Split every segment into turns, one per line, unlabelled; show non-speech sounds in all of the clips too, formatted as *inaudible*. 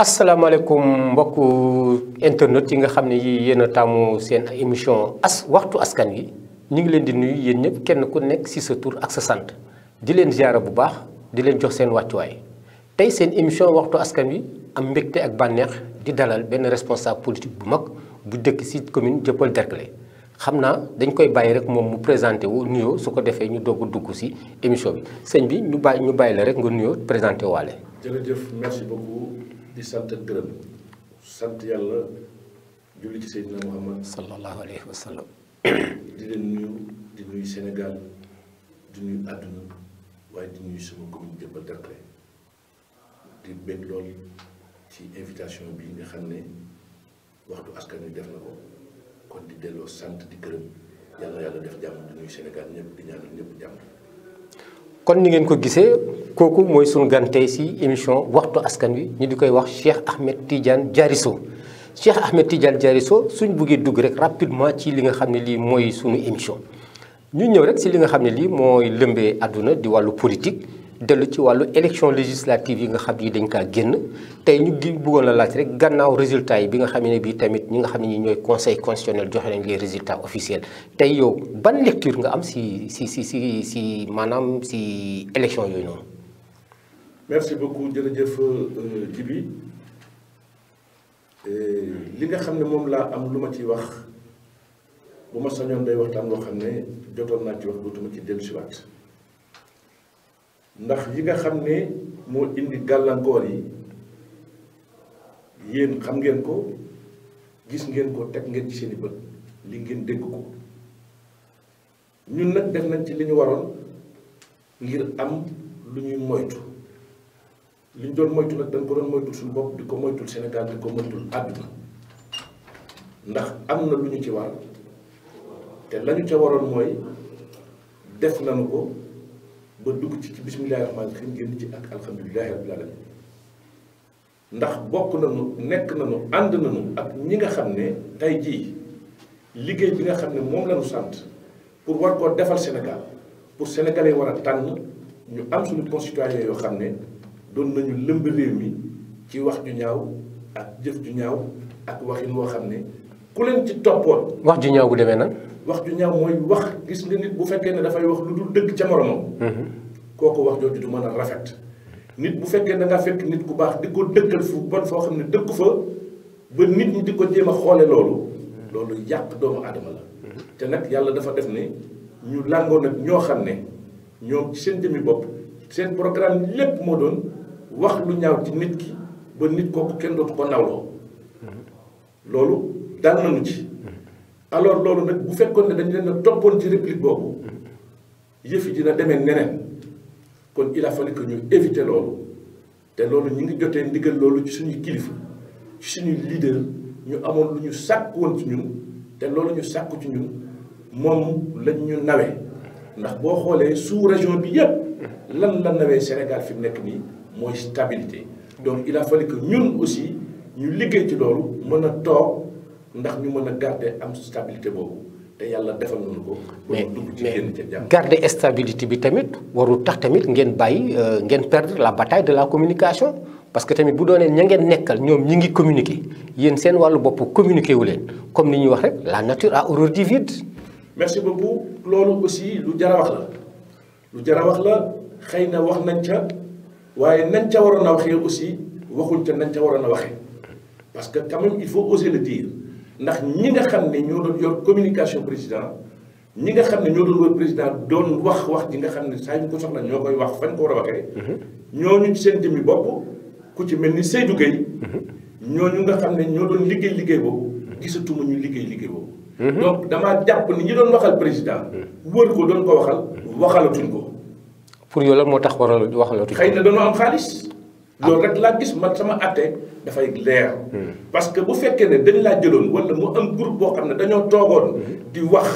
asalaamaaleykum mbokku internet yi nga xam ne yii yéen a taamu seen émission as waxtu askan wi ñu ngi leen di nuyu yéen ñëpp kenn ku nekk si sa tour ak sa sant di leen ziara bu baax di leen jox seen wàccuwaay tey seen émission waxtu askan wi am mbégte ak bànneex di dalal benn responsable politique bu mag bu dëkk ci commune Dieuppeul Derklé xam naa dañ koy bàyyi rek moom mu présenté wu nuyoo su ko defee ñu doog a dugg ci émission bi sëñ bi ñu bàyyi ñu bàyyi la rek nga nuyoo présenté waale.
jërëjëf merci beaucoup. di sant ak gërëm sant yàlla julli ci Seydina Muhammad sallallahu alayhi wa di leen nuyu di nuyu Sénégal di nuyu àdduna waaye di nuyu sama commune Diourbel Derklé di bëgg lool ci invitation bi nga xam ne waxtu askan wi def na ko kon di delloo sant di gërëm yàlla yàlla def jàmm di nuyu Sénégal ñëpp di ñaanal ñëpp jàmm
kon ni ngeen ko gisee kooku mooy sunu gan tey si émission waxtu askan wi ñu di koy wax Cheikh Ahmed Tidiane Diarisso Cheikh Ahmed Tidiane suñ buggee dugg rek rapidement ci li nga xam ne lii mooy sunu émission ñu ñëw rek si li nga xam ne lii mooy lëmbee àdduna di wàllu politique. dellu ci wàllu élection législative yi nga xam yi dañ kaa génn tey ñu gi bëggoon la laaj rek gannaaw résultat yi bi nga xam ne bii tamit ñi nga xam ne ñooy conseil constitutionnel joxe nañ les résultats officiels tey yow ban lecture nga am si si si si si maanaam si élection yooyu noonu.
merci beaucoup jërëjëf euh, Djibi li nga xam ne moom laa am lu ma ci wax bu ma sañoon day waxtaan loo xam ne jotoon naa ci wax dootuma ci dellusiwaat. ndax yi nga xam ne moo indi gàllankoor yi yéen xam ngeen ko gis ngeen ko teg ngeen ci seeni bët li ngeen dégg ko ñun nag def nañ ci li ñu waroon ngir am lu ñuy moytu li ñu doon moytu nag dañ ko doon moytul suñu bopp di ko moytul Sénégal di ko moytul àdduna ndax am na lu ñu ci war te la ca waroon mooy def nañu ko ba dugg ci ci bismillahi rahmaani rahim génn ci ak alhamdulilahi rabbil alamin ndax bokk nañu nekk nañu ànd nañu ak ñi nga xam ne tey jii liggéey bi nga xam ne moom lañu sant pour war koo defal Sénégal pour sénégalais war a tànn ñu am suñu concitoyens yoo xam ne doon nañu lëmb réew mi ci wax ju ñaaw ak jëf ju ñaaw ak waxin woo xam ne ku leen ci toppoon. wax ju ñaaw bu demee nag. wax ju ñaaw mooy wax gis nga nit bu fekkee ne dafay wax lu dul dëgg ca moromam. Mhm. kooku wax jooju du mën a rafet. nit bu fekkee da nga fekk nit ku baax di ko dëkkal fu bon foo xam ne dëkku fa ba nit ñi di ko jéem a xoole loolu. loolu yàq doomu aadama la. Mhm. te nag yàlla dafa def ne ñu làngoo nag ñoo xam ne ñoom ci seen jëmmi bopp seen programme lépp moo doon wax lu ñaaw ci nit ki ba nit kooku kenn dootu ko nawloo. Mhm. dal nañu ci. alors loolu nag bu fekkoon ne dañu leen a toppoon ci réplique boobu yëf yi dina demee neneen kon il a ñu éviter loolu te loolu ñu ngi jotee ndigal loolu ci suñuy kilifa ci suñuy leader ñu amoon lu ñu sàkk woon ci ñun te loolu ñu sàkku ci ñun moom lañ ñu nawee ndax boo xoolee su région bi yépp lan la nawee Sénégal fi mu nekk nii mooy stabilité donc il a ñun aussi ñu liggéey ci loolu mën a toog ndax ñu mën a garder am stabilité boobu te yàlla defal nañu ko. mais mais
garder stabilité bi tamit warul tax tamit ngeen bàyyi euh, ngeen perdre la bataille de la communication. parce que tamit bu doonee ña ngeen nekkal ñoom ñi ngi communiquer yéen seen wàllu bopp communiquer wu leen comme ni ñuy wax rek la nature a horreur du vide.
merci beaucoup loolu aussi lu jar la lu jar la xëy na wax nañ ca waaye nañ ca waroon a waxee aussi waxuñ ca nañ ca waroon a waxee parce que quand même il ndax ñi nga xam ne ñoo doon yor communication président ñi nga xam ne ñoo doon wër président doon wax wax ji nga xam ne saa ñu ko soxla ñoo koy wax fañ ko war a waxee. Mhm. ñooñu seen jëmmi bopp ku ci mel ni Seydou Gueye. Mhm. ñooñu nga xam ne ñoo liggéey liggéey boobu. gisatuma ñu liggéey liggéey boobu. Mhm. donc damaa jàpp ni ñi doon waxal président. wër ko doon ko waxal. waxalatuñ ko.
pour yow lan moo tax waral waxalatuñ ko. xëy na
dañoo am xaalis. loolu rek laa gis ma sama atte dafay leer. parce que bu fekkee ne dañ laa jëloon wala mu am groupe boo xam ne dañoo toogoon. di wax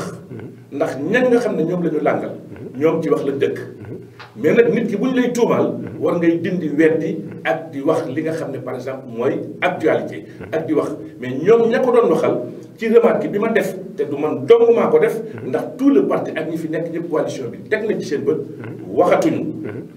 ndax ñan nga xam ne ñoom lañu ñu làngal. ñoom ci wax la dëkk. mais nag nit ki bu ñu lay tuumaal war ngay dindi weddi ak di wax li nga xam ne par exemple mooy actualité ak di wax mais ñoom ña ko doon waxal ci remarque bi ma def te du man dong maa ko def ndax tout le parti ak ñi fi nekk ñëpp coalition bi teg na ci seen bët waxatuñu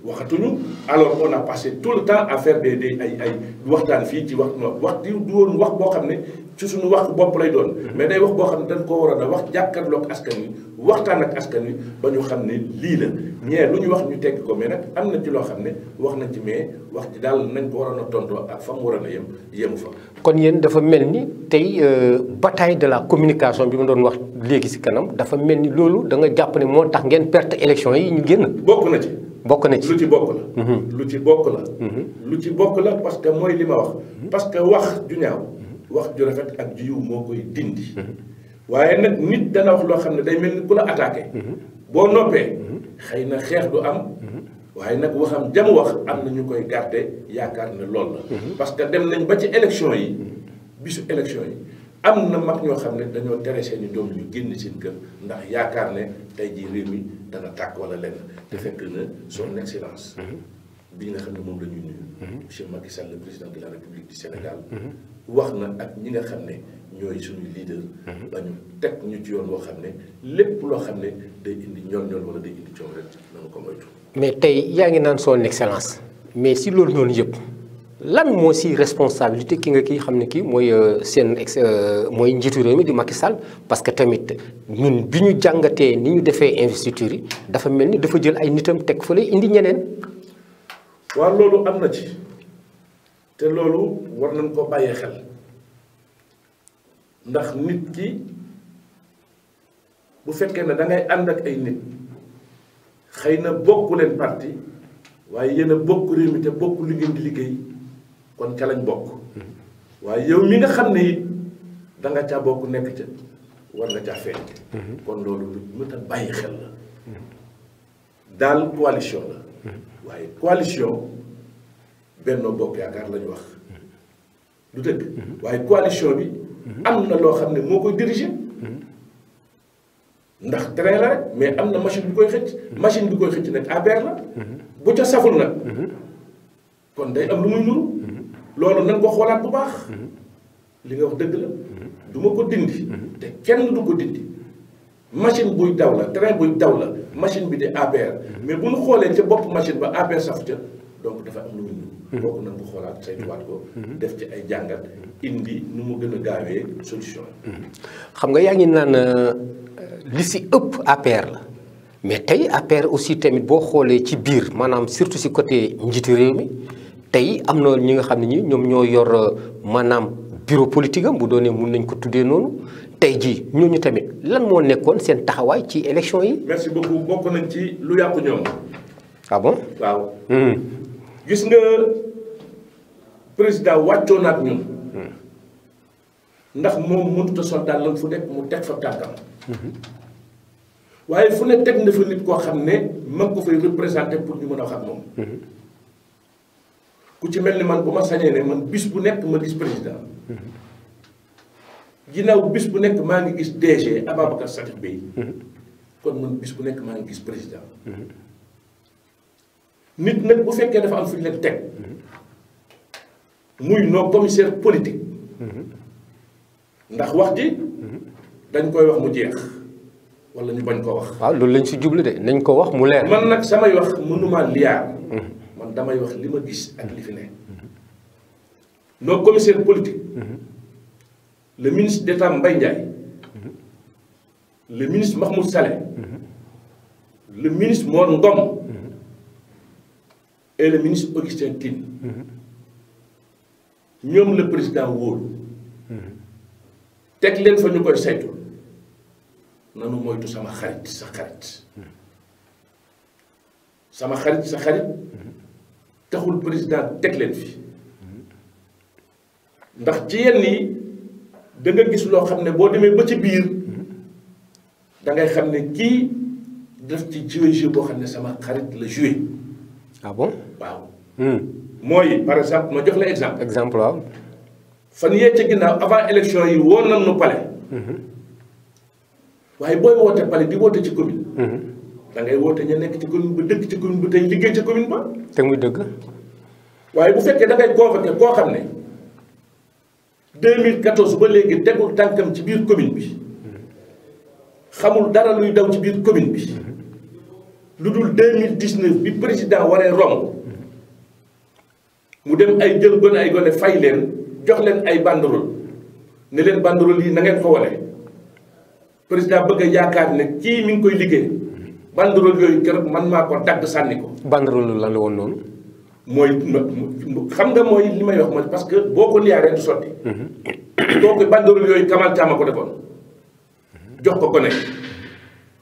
waxatuñu alors on a passé tout le temps à faire des des ay ay waxtaan fii ci wax no wax di du woon wax boo xam ne ci suñu wax bopp lay doon mais day wax boo xam ne dañ koo waroon a wax jàkkaarloog askan wi waxtaan ak askan wi ba ñu xam ne lii la ñee lu ñu wax ñu teg ko mais nag am na ci loo xam ne wax na ci mais wax ci daal nañ ko waroon a tontoo ak fa mu waroon a yem yemu fa
kon yéen dafa mel ni tey euh, bataille de la communication bi mu doon wax léegi si kanam dafa mel ni loolu danga jàpp ne moo tax ngeen perte élection yi ñu génn bokk na ci bokk na ci lu ci bokk la mhm.
lu ci bokk la mhm. lu ci bokk la parce que mooy li ma wax mhm. parce que wax ju ñaaw wax ju rafet ak ju yiw moo koy dindi waaye nag nit dana wax loo xam ne day mel ni ku la attaqué boo noppee xëy na xeex du am waaye nag waxam jam wax am na ñu koy garder yaakaar ne lool la parce que dem nañ ba ci élection yi bisu élection yi am na mag ñoo xam ne dañoo tere seeni doom ñu génn seen kër ndax yaakaar ne tey jii réew mi dana tàkk wala lenn te fekk na son excellence bi nga xam ne moom la ñuy nuyu monsieur Macky Sall le président de la république Sénégal wax na ak ñi nga xam ne ñooy suñu leader. Mhm. ba teg ñu ci yoon woo xam ne lépp loo xam ne day indi ñoom ñoom wala day indi coow rek nañu ko moytu.
mais tey yaa ngi naan son excellence mais si loolu noonu yëpp lan moo si responsabilité ki nga ki xam ne kii mooy euh, seen ex euh, mooy njiitu réew mi di Macky sal parce que tamit ñun bi ñu jàngatee ni ñu defee investiture yi dafa mel ni dafa jël ay nitam teg fa fële indi ñeneen.
waaw loolu am na ci. te loolu war nañ ko bàyyee xel ndax nit ki bu fekkee ne dangay ngay ànd ak ay nit xëy na bokku leen parti waaye yéen bokk réew mi te bokk li ngeen di liggéey kon ca lañ bokk waaye yow mi nga xam ne it da nga caa bokk nekk ca war nga caa feeñ kon loolu lu mën a bàyyi xel la daal coalition la waaye coalition Benno Bokk Yaakaar lañu wax du dëgg waaye coalition bi am na loo xam ne moo koy diriger ndax train mais am na machine bu koy xëcc machine bi koy xëcc nag APR la bu ca saful nag kon day am lu muy nuru loolu nan ko xoolaat bu baax li nga wax dëgg la du ma ko dindi te kenn du ko dindi machine buy daw la train buy daw la machine bi di APR mais bu ñu xoolee ca bopp machine ba APR safu ca donc dafa am lu muy nuru kooku nañ ko xoolaat saytuwaat ko. Mm-hmm. def ci ay jàngat mm-hmm. indi nu mu gën a gaawee solution mm-hmm.
xam nga yaa ngi naan euh, li si ëpp APR la mais tey APR aussi tamit boo xoolee ci biir maanaam surtout si côté njiitu réew mi tey am na ñi nga xam ne ñi ñoom ñoo yor euh, maanaam bureau politique am bu doonee mun nañ ko tuddee noonu tey jii ñooñu tamit lan moo nekkoon seen taxawaay ci
élection yi. merci beaucoup bokk nañ ci lu yàqu ñoom. ah bon gis nga président wàccoo na ak ñun hmm. ndax moom mënut a sol dàllam fu nekk mu teg fa tànkam hmm. waaye fu ne teg na fa nit koo xam ne man ko fay représenté pour ñu mën a xam moom hmm. ku ci mel ni man bu ma sañee ne man bis bu nekk ma gis président ginnaaw bis bu nekk maa ngi gis DG Ababacar Sadikh Bèye kon man bis bu nekk maa ngi gis président nit nag bu fekkee dafa am fu ñu leen teg muy nos commissaires politiques ndax wax ji dañ koy wax mu jeex walla ñu bañ koo wax.
waaw loolu lañ si jublu de nañ ko wax mu leer. man
nag samay wax mënuma liyaar man damay wax li ma gis ak li fi ne. nos commissaires le ministre d'État Mbaye Ndiaye. le ministre Mahmoud Saleh. le ministre Mor Ngom. et le ministre Augustin Tine ñoom le président wóolu teg leen fa ñu koy saytu nanu moytu sama xarit sa xarit sama xarit sa xarit taxul président teg leen fi ndax ci yenn yi danga gis loo xam ne boo demee ba ci biir da ngay xam ne kii def ci joué boo xam ne sama xarit la joué ah bon waaw. Hmm. mooy par exemple ma jox la exemple. exemple waaw. fan yee ca ginnaaw avant élection yi woon nañu nu palais. Hmm. waaye booy woote palais di woote ci commune. Hmm. da ngay woote ña nekk ci commune ba dëkk ci commune ba tey liggéey ci commune ba. te muy dëgg. waaye bu fekkee da ngay convoqué koo xam ne 2014 ba léegi tegul tànkam ci biir commune bi xamul dara luy daw ci biir commune bi. lu dul deux mille dix neuf président waree romb mu dem ay jël gone ay gone fay leen jox leen ay banderole ne leen banderole yi na ngeen ko président bëgg yaakaar ne kii mi ngi koy liggéey banderole yooyu keroog man maa ko dagg sànni ko.
banderole lan la woon noonu.
mooy xam nga mooy li may wax mooy parce que boo ko liyaaree du sotti. Mhm. kooku banderole yooyu Kamal Thiam ko defoon mhm. jox ko gone.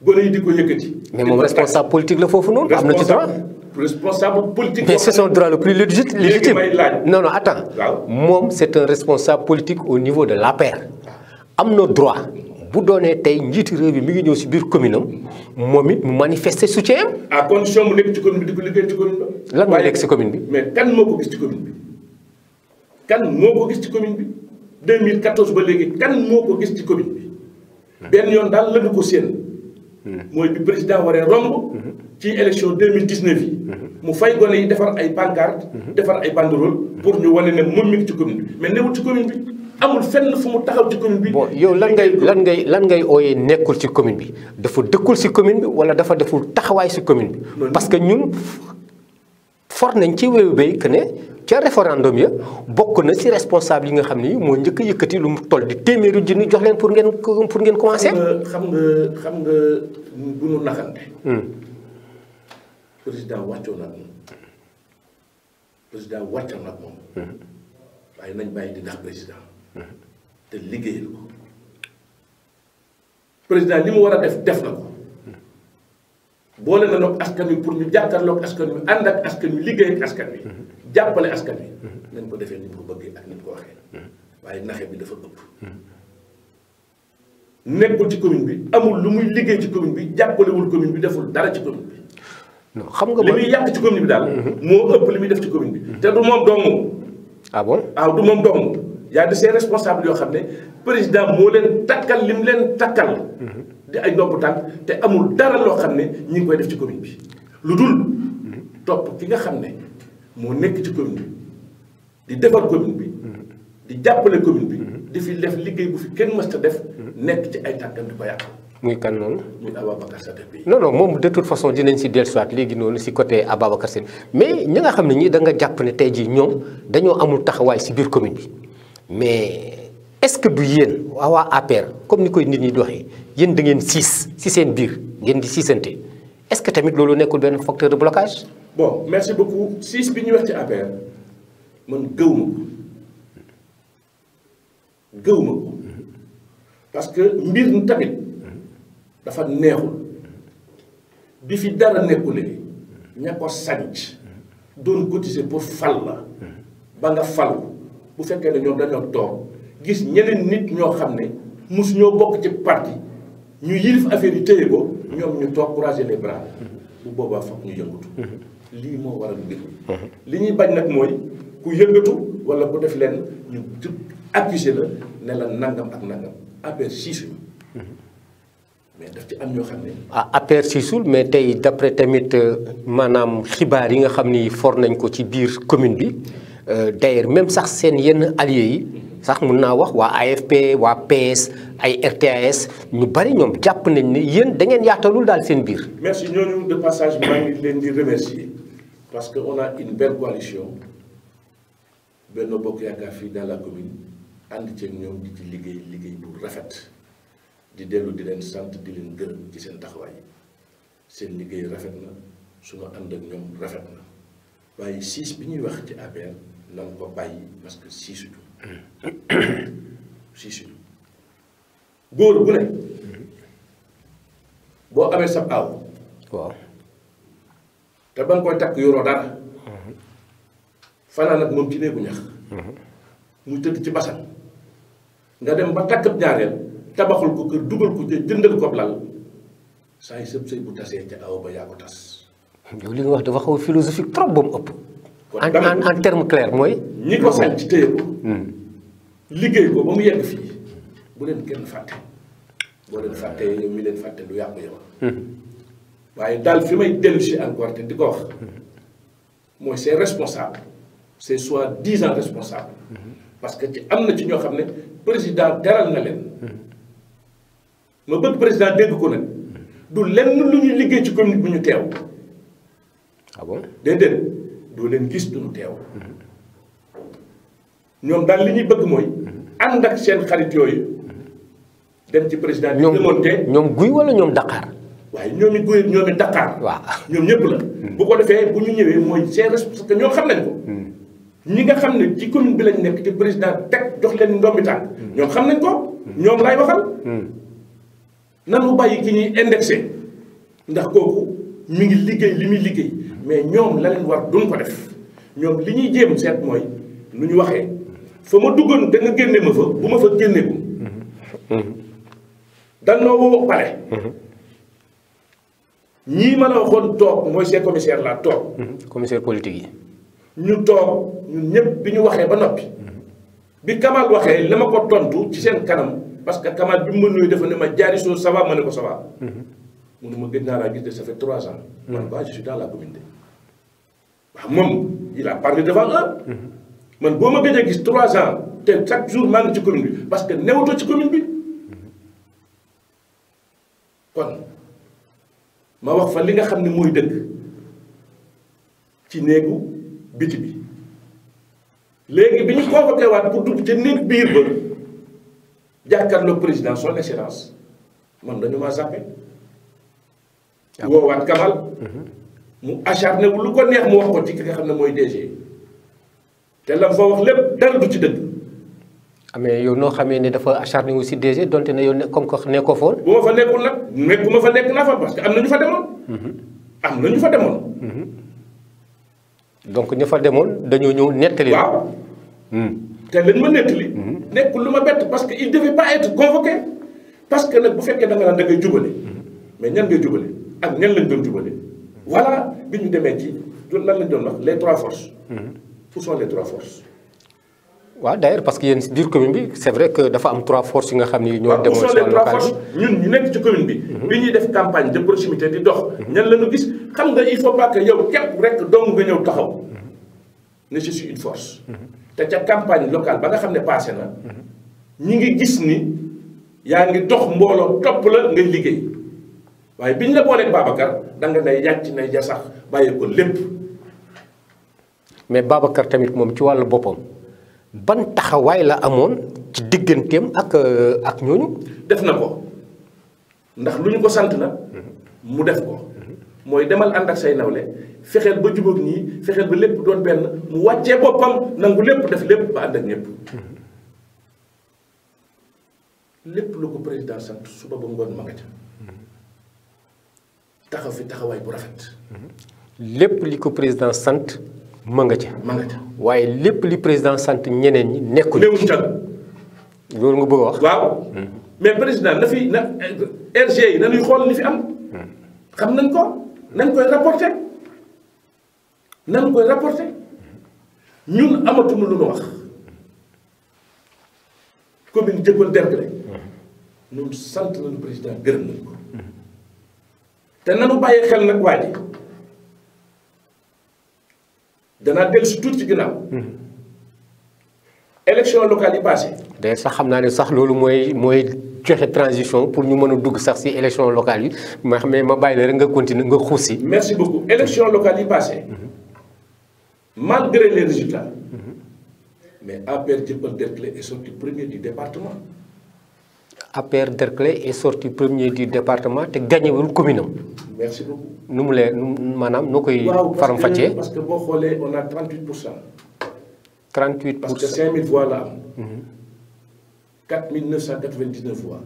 gone yi di ko yëkkati.
mais moom responsable
politique la foofu noonu. am na ci droit responsable politique. mais c'est son droit le plus légitime
non non attends moom c'est un responsable politique au niveau de l'APR am na droit bu doonee tey njiitu réew bi mi ngi ñëw si biir commune am
moom it mu manifester soutien am. à condition mu nekk ci commune bi di ko kan moo gis ci commune bi kan moo ko ba léegi kan moo ko gis ci commune bi benn yoon daal lañu ko séen. mooy bi président waree romb. ci élection deux mille dix neuf yi. mu fay gone yi defar ay pancarte. defar ay banderole. pour ñu wane ne moom mi ngi ci commune bi mais newul ci commune bi amul fenn
fu mu taxaw ci commune bi. bon yow lan ngay lan ngay lan ooyee nekkul ci commune bi dafa dëkkul si commune bi wala dafa deful taxawaay si commune bi. parce que ñun for nañ ci wéyu béy que ne. ca référendum ya bokk na si responsable yi nga xam ni moo njëkk a yëkkati lu mu toll di téeméeri junni jox leen pour ngeen pour ngeen commencé.
xam nga xam nga bu nu hmm. président wàccoon ak moom président wàccoon ak hmm. waaye nañ bàyyi di ndax président. Hmm. te liggéeyal ko. président li mu war a def def na ko. boole na nag askan wi pour ñu jàkkaarloog askan wi ànd ak askan wi liggéey askan wi. jàppale askan bi nañ ko defee ni mu ko bëggee ak ni ko waxee waaye naxe bi dafa ëpp nekkul ci commune bi amul lu muy liggéey ci commune bi jàppalewul commune bi deful dara ci commune bi non xam nga li muy yàq ci commune bi daal mhm. moo ëpp li muy def ci commune bi te du moom dong ah bon waaw ah, du moom dong yaa di seen responsable yoo xam ne président moo leen takkal li mu leen takkal mhm. di ay ndopp tànk te amul dara loo xam ne ñi ngi koy def ci commune bi lu dul topp ki nga xam ne moo nekk ci commune bi di defar commune bi di jàppale commune bi mhm. di fi def liggéey bu fi kenn mësta def mhm. nekk ci ay tànkam di ko yàq muy kan noonu muy Ababacar Sadikh
moom de toute façon di dinañ si del dellusiwaat léegi noonu si côté Ababacar Sadikh mais ñi nga xam ne ñi da nga jàpp ne tey jii ñoom dañoo amul taxawaay si biir commune bi mais est-ce que du yéen waa APR comme ni koy nit ñi di waxee yéen da ngeen siis si seen biir ngeen di siisante est-ce que tamit loolu nekkul benn facteur blocage
bon merci beaucoup siis bi ñuy wax ci affaire man gëw ma ko gëw ko parce que mbir mi tamit dafa neexul bi fi dara nekkulee ña ko sanc doon cotiser pour fal la ba nga falu bu fekkee ne ñoom dañoo toog gis ñeneen nit ñoo xam ne mosu ñoo bokk ci parti ñu yilif affaire yi téye ko ñoom ñu toog croiser les bu boobaa foog ñu yëngatu lii moo waral mbir mi mhm. li ñuy bañ nag mooy ku yëngatu wala ku def leen ñu jub accusé la ne la nangam ak nangam affaire siisu mhm. mais daf ci am ñoo xam ne.
ah siisul mais tey d'après tamit euh, maanaam xibaar yi nga xam ni foor nañ ko ci biir commune bi euh, d'ailleurs même sax seen yenn alliés yi. sax mun naa wax waa AFP waa PS ay RTAS ñu bari ñoom jàpp nañ ni yéen da ngeen yaatalul daal seen biir.
merci ñooñu de passage maa ngi leen di remercier parce que on a une belle coalition Benno Bokk Yaakaar fii dans la commune ànd ceeg ñoom di ci liggéey liggéey bu rafet di dellu di leen sant di leen gërëm ci seen taxawaay seen liggéey rafet na su ma ànd ak ñoom rafet na waaye siis bi ñuy wax ci APR na nga ko bàyyi parce que siisuñu. *coughs* si si góor bu ne boo amee sab aw waaw te ba nga koy takk yoroo dara mhm. fanaan ak moom ci néegu ñax mhm. mu tëdd ci basan nga dem ba takk ab ñaareel tabaxul ko kër dugal ko jëndal ko lal saa yi sëb sëy bu tasee ca aw ba yaa ko tas
yow li nga wax dafa xaw philosophique trop ba mu ëpp en en en terme clair mooy. ñi ko sànc
téye ko. Hmm. liggéey ko ba mu yegg fii bu leen kenn fàtte boo leen fàttee yi mi leen fàtte lu yàqu yow. Hmm. waaye daal fi may dellu si encore te di ko wax mooy c'est responsable c'est soit disant responsable. Hmm. parce que ci am na ci ñoo xam ne président teral na leen. ma bëgg président dégg ko nag du lenn lu ñuy liggéey ci commune bu ñu teew. ah doo leen gis duñu teew ñoom daal li ñuy bëgg mooy ànd ak seen xarit yooyu dem ci président bi remonté ñoom guy wala ñoom Dakar waaye ñoom i guy ñoom i Dakar waaw ñoom ñëpp la bu ko defee bu ñu ñëwee mooy seen parce que ñoo xam nañ ko ñi nga xam ne ci commune bi lañ nekk ci président teg jox leen ndombi ñoom xam nañ ko ñoom laay waxal nanu bàyyi ki ñuy indexé ndax kooku mi ngi liggéey li muy liggéey mais ñoom la leen war duñ ko def ñoom li ñuy jéem seet mooy lu ñu waxee foo ma duggoon da nga génne ma fa bu ma fa génne ko dan noo woo ñii ma la waxoon toog mooy ces commissaire la toog
commissaire politique yi
ñu toog ñun ñëpp bi ñu waxee ba noppi bi Kamal waxee la ma ko tontu ci seen kanam parce que Kamal bi mu ma nuyu dafa ne ma jaari soo ça va ma ne ko ça va mhm. ma gën naa laa gis de ça fait trois ans man mhm. ba je suis dans la waa moom il a parlé devant eux. Mm-hmm. man boo ma gëj gis trois ans te chaque jour maa ngi ci commune bi parce que newatoo ci commune bi mm-hmm. kon ma wax fa li nga xam ne mooy dëgg ci néegu biti bi léegi bi ñu convoqué waat pour dugg ca néeg biir ba jàkkaarloo président son excellence man dañu maa zappé ah woowaat kamal mm-hmm. mu acharné lu ko neex mu wax ko ci ki nga xam ne mooy DG te la fa wax lépp dara du ci dëgg.
amee ah, yow noo xamee ne dafa acharné wu si donte ne yow ne comme que nekkoo foon. bu fa
nekkul nag nekkuma ma nekk naa fa parce que am na ñu fa demoon. Mhm. am
na mhm. fa demoon. dañoo ñëw nettali. waaw hmm.
te lañ ma nettali. Mhm. nekkul lu ma bett parce que il devait pas être parce que nag bu fekkee da nga naan da ngay jubale mais ñan ngay jubale ak ñan lañ doon jubale. voilà bi ñu demee ci lan lañ doon wax les trois forces. Mhm. où sont les trois forces.
waaw ouais, parce que yéen si biir commune bi c' est vrai que dafa am trois forces yi nga xam ni ñoo demoon si wàllu
ñun ñu nekk ci commune bi. Mhm. bi ñuy def campagne de proximité di dox. Mhm. ñan la gis xam nga il faut pas que yow képp rek dong nga ñëw taxaw. ne je suis une force. te ca campagne locale ba nga xam ne passé na. ñi ngi gis ni yaa ngi dox mbooloo topp la ngay liggéey. waaye biñ la booleeg Babacar danga nga nay yàcc nay ja sax bàyyi ko lépp.
mais Babacar tamit moom ci wàllu boppam ban taxawaay la amoon ci digganteem
ak euh, ak ñooñu. def na ko ndax lu ñu ko sant na mu def ko mooy demal ànd ak say nawle fexeel ba jubóog nii fexeel ba lépp doon benn mu wàccee boppam nangu lépp def lépp ba ànd ak ñëpp. Mhm. lépp lu ko président sant suba ba ngoon ma taxaw fi taxawaay bu rafet.
lépp li ko président sant ma nga ca. ma waaye lépp li président sant ñeneen ñi nekkul. néewul ca loolu nga bëgg
wax. waaw hmm. mais président na fi na RG yi na ñuy xool li fi am. Hmm. xam nañ ko nañ koy rapporté nañ koy rapporté ñun amatuñu lu ñu wax commune Dieuppeul-Derklé hmm. ñun sant nañu président gërëm nañ ko. te nanu bàyyi xel nag waa danaa dellu si tuuti ci ginnaaw. Hmm. élection locale yi passé.
day sax xam naa ne sax loolu mooy mooy joxe transition pour ñu mën a dugg sax si élection locale yi ma xam ne ma bàyyi la rek nga continuer nga xuus si. merci
beaucoup élection locale yi passé hmm. malgré les résultats. Hmm. mais APR Dieuppeul Derklé est sorti premier du département.
APR Derklé est sorti premier du département te gañewul commune am. nu mu lee nu maanaam noo koy. faram fàccee waaw parce
que boo xoolee on a 38 pour cent.
38 pour cent parce que 5000 voix la
am. 4999 mhm. voix.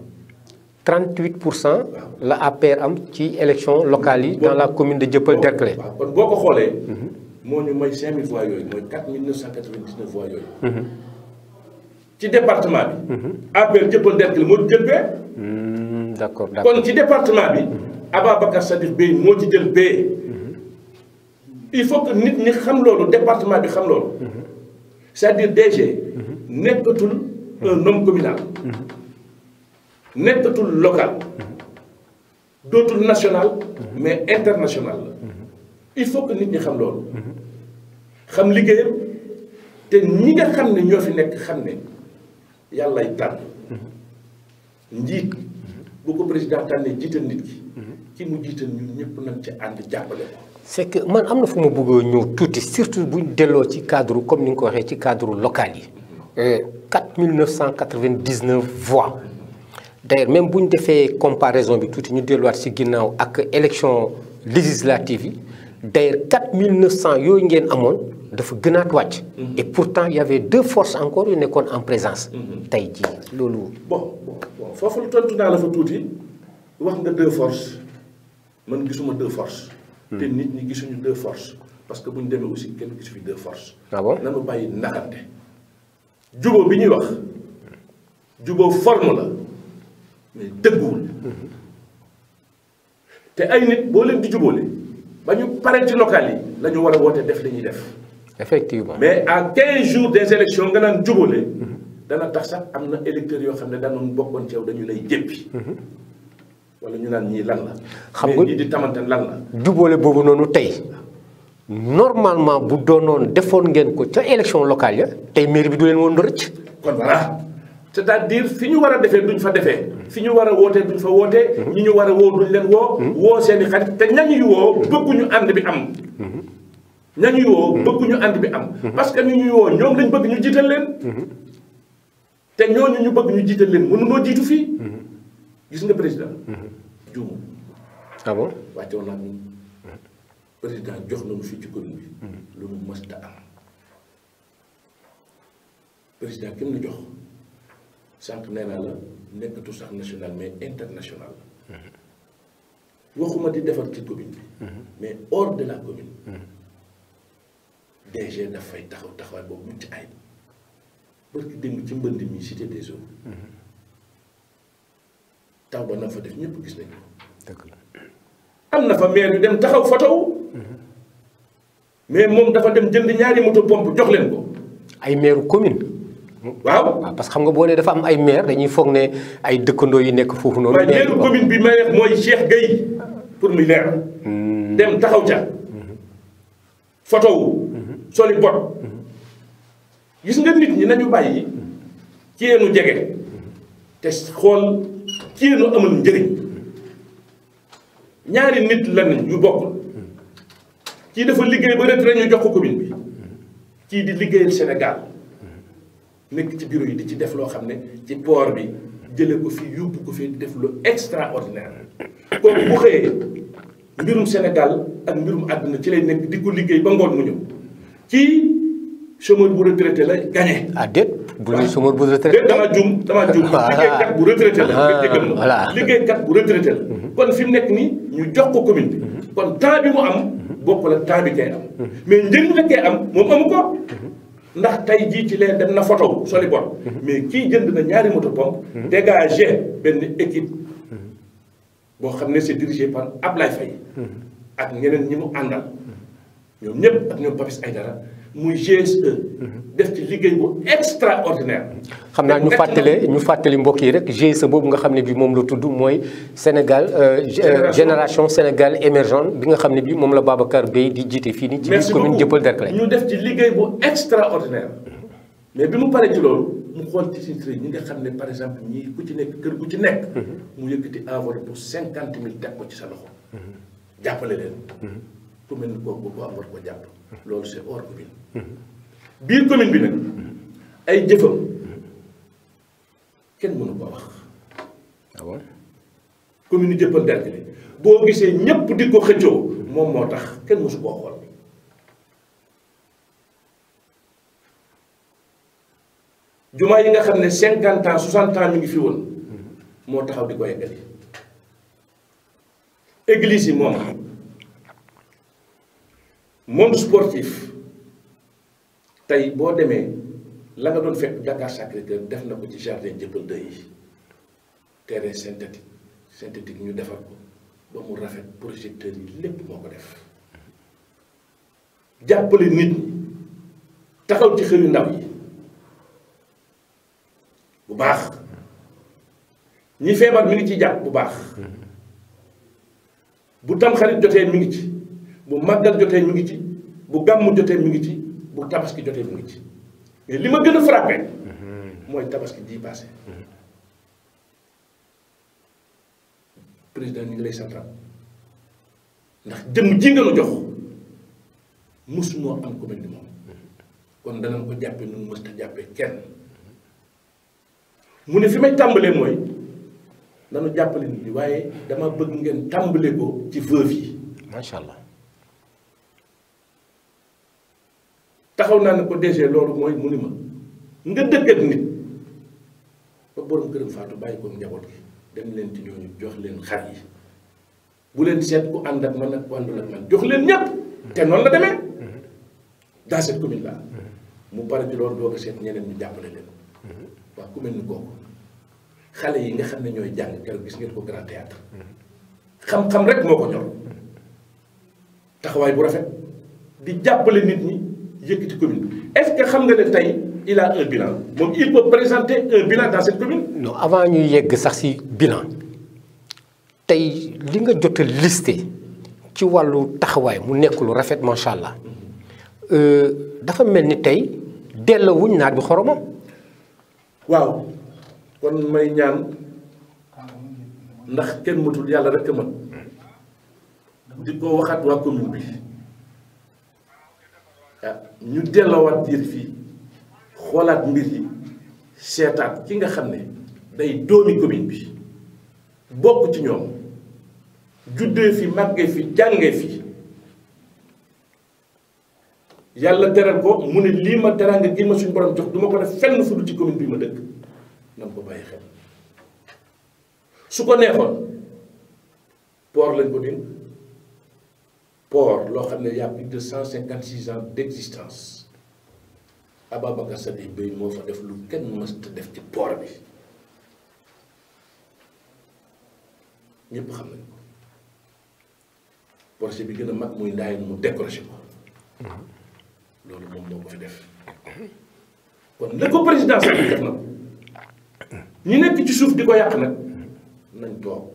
38 pour cent. la APR am ci élection locale yi. dans la commune de Dieuppeul Derklé.
boo xoolee. Mhm. moo ñu ci département bi. Mhm. APR jëppal Derklé moo ci jël bee.
Hmm, d' ci département bi.
Mhm. Ababacar Sadikh Bèye moo ci jël bee. Mhm. il faut que nit ñi xam loolu département bi xam loolu. c' dire DG. nekkatul un homme communal. nekkatul local. dootul national. mais international la. il faut que nit ñi xam loolu. xam liggéeyam te ñi nga xam ne ñoo fi nekk xam ne. yàllay tànn njiit bu ko président tànnee jiital nit ki ki mu jiital ñun ñëpp nañ ci ànd jàppale ko
c'est que man am na fu ma bëgg ñëw tuuti surtout bu buñ delloo ci cadre comme ni nga ko waxee ci cadre local yi euh, mille 4999 voix d'ailleurs même bu ñu defee comparaison bi tuuti ñu delluwaat ci ginnaaw ak élection législative yi d'ailleurs 4900 yooyu ngeen amoon dafa gënaat wàcc. Mm-hmm. et pourtant il y avait deux forces encore yu nekkoon en présence. Mm-hmm. tey jii loolu.
bon bon foofu lu tontu naa la fa tuuti wax nga deux forces man gisuma deux forces. Hmm. te nit ñi gisuñu deux forces parce que bu ñu demee aussi kenn gisu fi deux forces. ah bon nanu bàyyi naxante. jubóo bi ñuy wax jubo forme la mais dëgguwul hmm. te ay nit boo leen di jubóole ba ñu pare ci local yi la ñu war a woote def lañuy def.
effectivement mais
à 15 jour des élections nga naan jubale. dana tax sax am na électeurs yoo xam ne daanoon bokkoon ci yow dañu lay jéppi. wala ñu naan ñii lan la. xam nga ñii di tamante lan la.
jubale boobu noonu tey
normalement bu doonoon defoon
ngeen ko ca élection locale ya tey mairie bi du leen woon rëcc.
kon voilà. te à diir fi ñu war a defee duñ fa defee fi ñu war a wootee duñ fa wootee. ñi ñu war a woo duñ leen woo. Hmm. woo seen i xarit te ñañ yu woo bëgguñu ànd bi am. Hmm. ñañu woo bëgguñu ànd bi am. Mhm. parce que ñu ñuy woo ñoom lañ bëgg ñu jiital leen. Mhm. te ñooñu ñu bëgg ñu jiital leen mënunoo jiitu fii. Mhm. gis nga président. juumu. ah bon wàcce woon président jox na mu fii ci commune bi. lu mu mës am. président kim la jox sànq nee naa la nekkatu sax national mais international. waxuma di defar ci commune bi. mais hors de la commune. DG daf fay taxaw taxawaay boobu mucc ayib bërki démb ci mbënd mi cité des eaux mm-hmm. taw ba na fa def ñëpp gis nañ am na fa maire yu dem taxaw photo mm-hmm. mais moom dafa dem jënd ñaari moto pompe jox leen ko ay maire commune waaw waaw ah, parce que xam nga boo nee dafa am ay maire dañuy
foog ne ay dëkkandoo yi nekk foofu noonu. waaye commune
bi ma ne mooy Cheikh Gueye pour mu leer. Mm-hmm. dem taxaw ca. photo soli bot gis nga nit ñi nañu bàyyi ceenu jege te xool ceenu amul njëriñ ñaari nit lan yu bokk kii dafa liggéey ba ret ñu jox ko commune bi kii di liggéeyal Sénégal nekk ci bureau yi di ci def loo xam ne ci port bi jële ko fii yóbbu ko fii di def lu extraordinaire kooku bu xëyee mbirum Sénégal ak mbirum àdduna ci lay nekk di ko liggéey ba ngoon mu ñëw kii chômeur bu retraité la gagné. ah déet bu ñu chômeur bu retraité dama jum dama jum. *laughs* liggéeykat bu retraité la ah, nga voilà bu retraité la. Mhm. kon fi mu nekk nii ñu jox ko commune bi. Mhm. kon temps bi mu am. Mhm. bokkul ak temps bi am. mais njëriñ la kay am moom amu ko. ndax tey jii ci lee dem na photo soli bon mais kii jënd na ñaari moto pompe dégagé benn équipe boo xam ne c'est dirigé par Ablaye Faye ak ñeneen ñi mu àndal ñoom ñëpp ak ñoom Papis Aïdara muy GSE. Mhm. def ci liggéey bu extraordinaire. xam naa ñu fàttale ñu fàttali
mbokk yi rek GSE boobu nga xam ne bi moom la tudd mooy Sénégal. Euh, euh, génération Sénégal émergente bi nga xam ne bi moom la Babacar Beye di jiite fii nii. ci biir commune Dieuppeul-Derklé
ñu def ci liggéey bu extraordinaire. mais bi mu paree ci loolu mu xool ci titre ñi nga xam ne par exemple ñii ku ci nekk kër ku ci nekk. Mhm. mu yëkkati enveloppe bu cinquante mille teg ko ci sa loxo. Mhm. jàppale leen. ku ni kooku ko am ko jàpp loolu c'est hors commune biir commune bi nag ay jëfam kenn mënu ko wax waaw ah commune Dieuppeul Derklé boo gisee ñépp di ko xëccoo moom moo tax kenn mësu koo xool jumaa yi nga xam ne cinquante ans soixante ans mi ngi fi woon moo taxaw di ko yeggali église yi moom monde sportif tey boo demee la nga doon fekk Dakar sacré def na ko ci jardin jëppal yi terrain synthétique synthétique ñu defar ko ba mu rafet projecteurs yi lépp moo ko def jàppale nit taxaw ci xëyu ndaw yi bu baax ñi feebar mi ngi ci jàpp bu baax mm-hmm. bu tam xarit jotee mi ngi ci bu màggal jotee mu ngi ci bu gàmmu jotee mi ngi ci bu tabaski jotee mi ngi ci mais li ma gën a frappé mooy tabaski bii passé président ñu ngi lay santal ndax jëm ji nga nu jox mosunoo am ko mel ni moom kon danañ ko jàppee nu mu mës kenn mu ne fi may tàmbalee mooy nanu jàppale nit ñi waaye dama bëgg ngeen tàmbalee ko ci veuve yi macha allah taxaw naa ne ko DG loolu mooy mu ni ma nga dëggat nit ba borom këram faatu bàyyi ko njaboot gi dem leen ci ñooñu jox leen xar yi bu leen seet ku ànd ak man ak ku àndul ak man jox leen ñëpp te noonu la deme dans cette commune là mu pare ci loolu doog a seet ñeneen ñu jàppale leen waa ku mel ni kooku xale yi nga xam ne ñooy jàng keroog gis ngeen ko grand théâtre xam-xam rek moo ko ñor taxawaay bu rafet di jàppale nit ñi yëkkati commune est-ce que xam nga ne tey il a un bilan moom il peut présenter un bilan commune. non
avant ñuy yegg sax ci bilan tey li nga jot a listé ci wàllu taxawaay mu nekk lu rafet macha allah euh, dafa mel
ni tey delloowuñ naat bi xoromam. waaw kon may ñaan ndax kenn mëtul yàlla rek a mën di ko waxaat waa commune bi. ñu delloowaat yëf fii xoolaat mbir yi seetaat ki nga xam ne day doomi commune bi bokk ci ñoom juddee fi màggee fi jàngee fi yàlla teral ko mu ne lii ma teraanga gi ma suñu borom jox du ko def fenn fu du ci commune bi ma dëkk na ko bàyyi xel su ko neexoon port lañ ko din port loo xam ne y a plus de cent cinquante six ans d'existence Ababacar yi Bèye moo fa def lu kenn mësta def ci port bi ñëpp xam nañ ko projet bi gën a mag muy ndaay mu décroché ko loolu moom moo ko fi def kon la ko président sax def na ñi nekk ci suuf di ko yàq nag nañ toog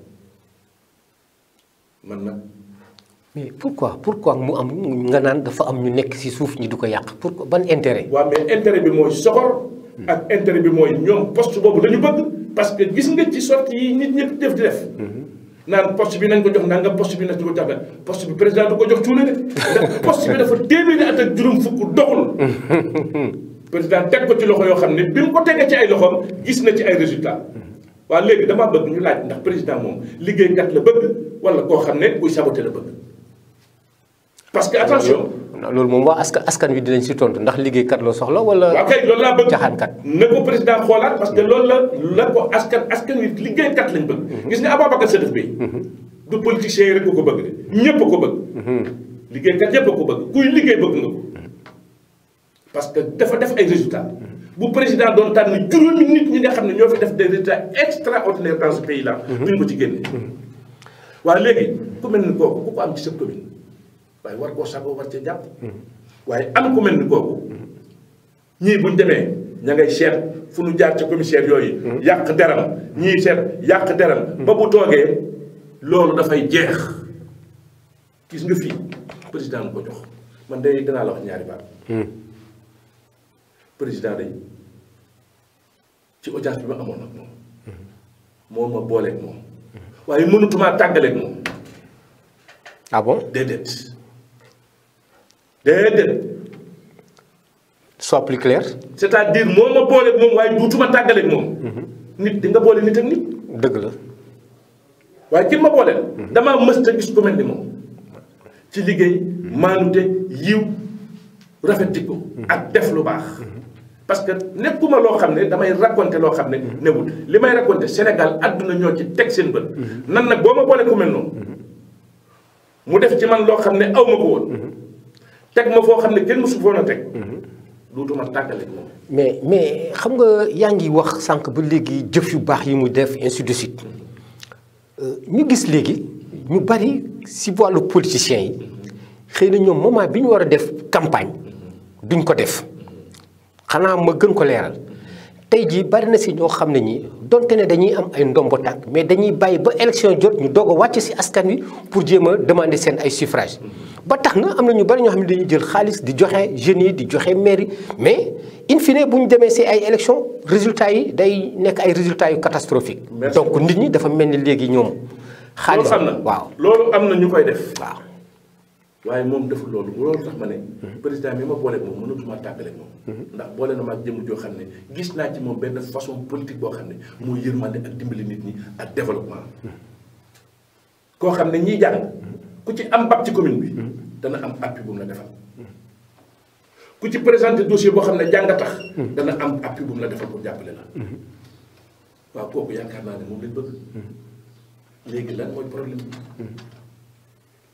man nag
mais pourquoi pourquoi mu am nga naan dafa am ñu nekk ci ñi du ko yàq pourquoi ban intérêt.
waaw mais intérêt bi mooy soxor. ak intérêt bi mooy ñoom poste boobu la bëgg. parce que gis nga ci sortie yi nit ñëpp def di mhm. naan poste bi nañ ko jox naan poste bi nañ ko jox poste bi président du ko jox tuuna de. *laughs* poste bi dafa téeméeri at ak juróom fukk doxul. *laughs* président teg ko ci loxo yoo xam ne bi mu ko tegee ci ay loxoom gis na ci ay résultats. Mhm. waa léegi damaa bëgg ñu laaj ndax président moom liggéeykat la bëgg wala koo xam ne buy saboté la bëgg. parce que attention.
loolu moom waa askan askan wi dinañ si tontu ndax liggéeykat la soxla wala. waaw kay loolu laa
bëgg caxaankat. président xoolaat parce que loolu la la ko askan askan wi liggéeykat lañ bëgg. Mhm. gis nga Ababacar Sadikh bi. Mhm. du politiciens yi rek ko bëgg de ñëpp ko bëgg. Mhm. liggéeykat yëpp ko bëgg kuy liggéey bëgg nga ko. parce que dafa def ay résultats. bu président doon tànn juróomi nit ñi nga xam ne ñoo fi def des résultats extraordinaires dans ce pays là. duñ waaye war koo sagoo war cee jàpp. waaye am ku mel ni kooku. ñii buñ demee ña ngay seet fu ñu jaar ci commissaire yooyu. yàq deram ñii seet yàq deram. ba bu toogee loolu dafay jeex gis nga fii président ko jox man day danaa la wax ñaari baat. président day ci audience bi ma amoon nag moom. moo ma booleeg moom. waaye mënutumaa tàggaleeg moom. ah bon déedéet. sois plus clair. c'est-à-dire moom ma booleeg moom waaye duutuma tàggaleeg moom. Mhm. nit di nga boole nit ak nit. dëgg la. waaye ki ma booleel. damaa mës a gis ku mel ni moom. ci liggéey maanute yiw rafet jikko mhm. ak def lu baax. Mhm. parce que nekkuma loo xam ne damay raconter loo xam ne. newul li may raconter Sénégal àdduna ñoo ci teg seen bët. nan nag boo ma boole ku mel noonu. mu def ci man loo xam ne aw ma ko woon. teg ma foo xam ne kenn ma foon a teg. Mhm. duutuma
mais mais xam nga yaa ngi wax sànq ba léegi jëf yu baax yi mu def ainsi de euh, ñu gis léegi ñu bari si wàllu politiciens yi xëy na ñoom moment bi ñu war a def campagne duñ ko def xanaa ma gën ko leeral. tey jii bari na si ñoo xam na ñi donte ne dañuy am ay ndombo tànk mais dañuy bàyyi ba élection jot ñu doog a wàcc si askan wi pour jéem a demander seen ay suffrage ba tax na am na ñu bari ñoo xam ne dañuy jël xaalis di joxe jeunes yi di joxe mairie mais in bu ñu demee si ay élection résultats yi day nekk ay résultats yu catastrophique donc nit ñi dafa mel ni léegi ñoom. xaalis waaw
loolu am na ñu koy def waaw. waaye moom deful loolu loolu tax ma ne. président bi ma boole moom mënatuma tàggale moom. ndax boole na ma ak jëm joo xam ne gis naa ci moom benn façon politique boo xam ne. muy yërmande ak dimbali nit ñi ak développement. koo xam ne ñiy jàng ku ci am bab ci commune bi. dana am appui bu mu la defal. ku ci présenté dossier boo xam ne njàng tax. dana am appui bu mu la defal pour jàppale la. waaw kooku yaakaar naa ne moom lañ bëgg. léegi lan mooy problème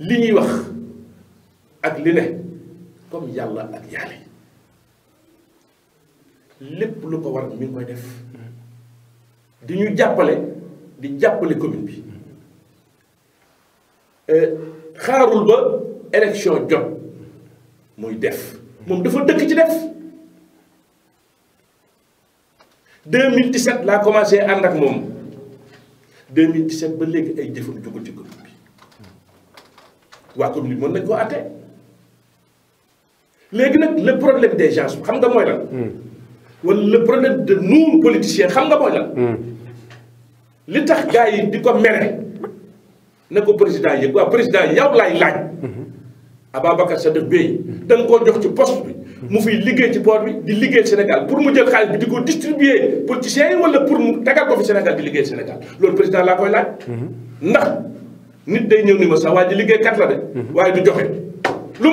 li ñuy wax. ak li ne comme yàlla ak yàlla lépp lu ko war mi ngi koy def di ñu jàppale di jàppale commune bi euh, xaarul ba élection jot muy def moom dafa dëkk ci def 2017 laa commencé ànd ak moom 2017 ba léegi ay jëfam jógul ci commune bi waa commune bi mën nañ koo àtte léegi nag le problème des gens xam nga mooy lan. wala le problème de nous politiciens xam nga mooy lan. Hmm. li tax gars yi di ko mere ne ko président yëg waa président yaw laay laaj. Hmm. Ababacar Sadikh Bèye da nga koo jox ci post bi. mu fiy liggéey ci port bi di liggéey Sénégal pour mu jël xaalis bi di ko distribuer politiciens yi wala pour mu tegal ko fi Sénégal di liggéey Sénégal loolu président laa koy laaj. Hmm. ndax nit day ñëw ni ma sax waa ji la de. waaye di joxe lu